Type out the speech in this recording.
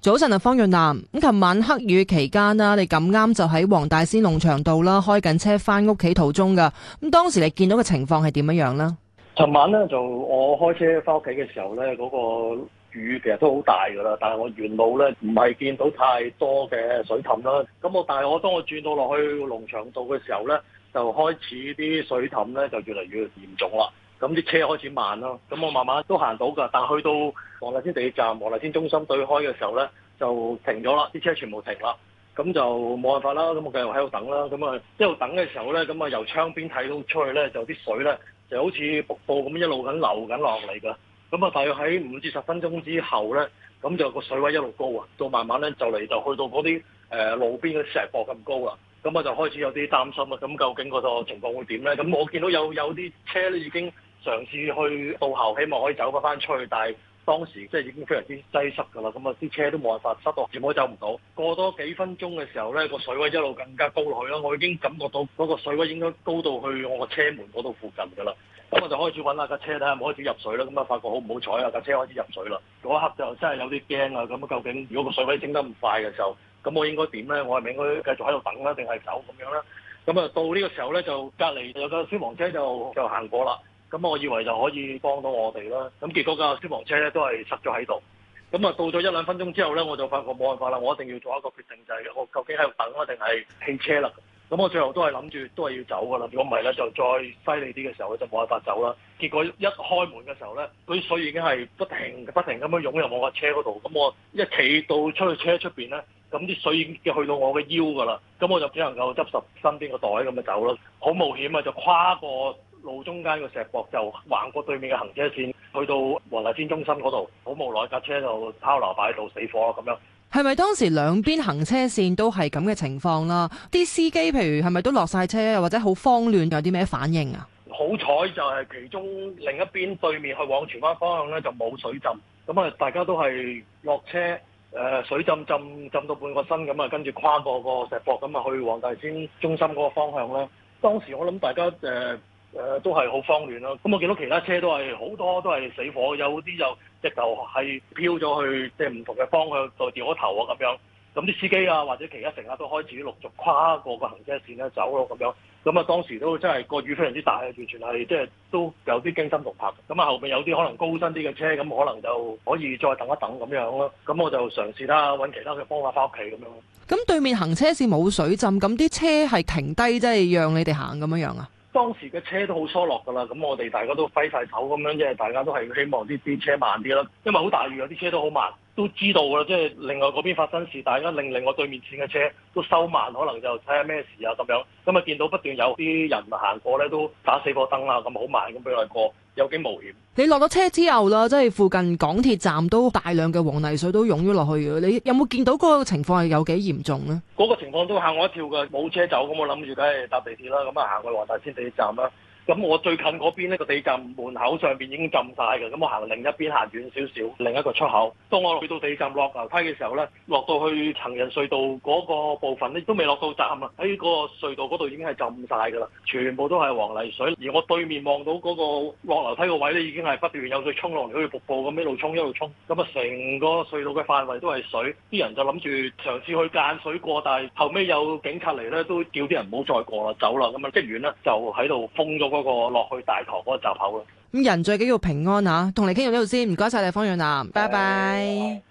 早晨啊，方潤南。咁，琴晚黑雨期間啦，你咁啱就喺黃大仙農場道啦，開緊車翻屋企途中噶,咁當時你見到嘅情況係點樣呢？尋晚咧就我開車翻屋企嘅時候咧，嗰個雨其實都好大噶啦，但係我沿路咧唔係見到太多嘅水凼啦，咁我但係我當我轉到落去農場道嘅時候咧，就開始啲水凼咧就越嚟越嚴重啦。咁啲車開始慢咯，咁我慢慢都行到㗎，但去到黃大仙地鐵站、黃大仙中心對開嘅時候呢，就停咗啦，啲車全部停啦，咁就冇辦法啦，咁我繼續喺度等啦，咁啊一路等嘅時候呢，咁啊由窗邊睇到出去呢，就啲水呢就好似瀑布咁一路咁流緊落嚟㗎，咁啊大概喺五至十分鐘之後呢，咁就個水位一路高啊，到慢慢呢就嚟就去到嗰啲誒路邊嘅石壆咁高啦，咁我就開始有啲擔心啊，咁究竟個情況會點呢？咁我見到有有啲車呢已經，嘗試去到後，希望可以走翻翻出去，但係當時即係已經非常之擠塞㗎啦，咁啊啲車都冇辦法塞到，全部都走唔到。過多幾分鐘嘅時候咧，個水位一路更加高落去啦，我已經感覺到嗰個水位應該高到去我個車門嗰度附近㗎啦。咁我就開始揾下架車睇下有冇開始入水啦。咁啊，發覺好唔好彩啊，架車開始入水啦。嗰刻就真係有啲驚啊！咁究竟如果個水位升得咁快嘅時候，咁我應該點咧？我係咪應該繼續喺度等啦，定係走咁樣咧？咁啊，到呢個時候咧，就隔離有架消防車就就行過啦。咁我以為就可以幫到我哋啦，咁結果架消防車咧都係塞咗喺度。咁啊到咗一兩分鐘之後咧，我就發覺冇辦法啦，我一定要做一個決定就係、是、我究竟喺度等啊定係棄車啦。咁我最後都係諗住都係要走噶啦。如果唔係咧，就再犀利啲嘅時候咧就冇辦法走啦。結果一開門嘅時候咧，佢啲水已經係不停不停咁樣湧入我架車嗰度。咁我一企到出去車出邊咧，咁啲水已經去到我嘅腰噶啦。咁我就只能夠執拾身邊個袋咁就走啦。好冒險啊，就跨過。路中間個石壆就橫過對面嘅行車線，去到黃大仙中心嗰度，好無奈架車就拋流擺喺度死火啦咁樣。係咪當時兩邊行車線都係咁嘅情況啦？啲司機譬如係咪都落晒車，又或者好慌亂，有啲咩反應啊？好彩就係其中另一邊對面去往荃灣方向咧就冇水浸，咁啊大家都係落車，誒水浸浸浸到半個身咁啊，跟住跨過個石壆咁啊去黃大仙中心嗰個方向咧。當時我諗大家誒。呃誒、呃、都係好慌便咯。咁我見到其他車都係好多都係死火，有啲就直頭係飄咗去，即係唔同嘅方向就頭，再掉咗頭啊咁樣。咁啲司機啊，或者其他乘客都開始陸續跨過個行車線咧走咯，咁樣咁啊。當時都真係個雨非常之大啊，完全係即係都有啲驚心動魄。咁啊，後面有啲可能高身啲嘅車，咁可能就可以再等一等咁樣咯。咁我就嘗試啦，揾其他嘅方法翻屋企咁樣。咁對面行車線冇水浸，咁啲車係停低，即係讓你哋行咁樣啊？當時嘅車都好疏落㗎啦，咁我哋大家都揮晒手咁樣，即係大家都係希望啲啲車慢啲啦，因為好大雨，呀，啲車都好慢。都知道㗎，即係另外嗰邊發生事，大家令令我對面線嘅車都收慢，可能就睇下咩事啊咁樣。咁啊，見到不斷有啲人行過咧，都打死火燈啦，咁好慢咁俾我過，有幾冒險。你落咗車之後啦，即係附近港鐵站都大量嘅黃泥水都湧咗落去。你有冇見到嗰個情況係有幾嚴重呢？嗰、嗰個情況都嚇我一跳㗎，冇車走咁，我諗住梗係搭地鐵啦。咁啊，行過黃大仙地鐵站啦。咁我最近嗰邊呢個地站門口上面已經浸晒㗎，咁我行另一邊行遠少少，另一個出口。當我去到地站落樓梯嘅時候呢，落到去行人隧道嗰個部分呢，都未落到站啊，喺個隧道嗰度已經係浸晒㗎啦，全部都係黃泥水。而我對面望到嗰個落樓梯個位呢，已經係不斷有水沖落嚟，好似瀑布咁一路沖一路沖咁啊，成個隧道嘅範圍都係水，啲人就諗住嘗試去間水過，但係後尾有警察嚟呢，都叫啲人唔好再過啦，走啦，咁啊即係完就喺度封咗嗰個落去大堂嗰個閘口咯。咁人最緊要平安嚇、啊，同你傾到呢度先，唔該晒你，方潤南，拜拜。Bye bye.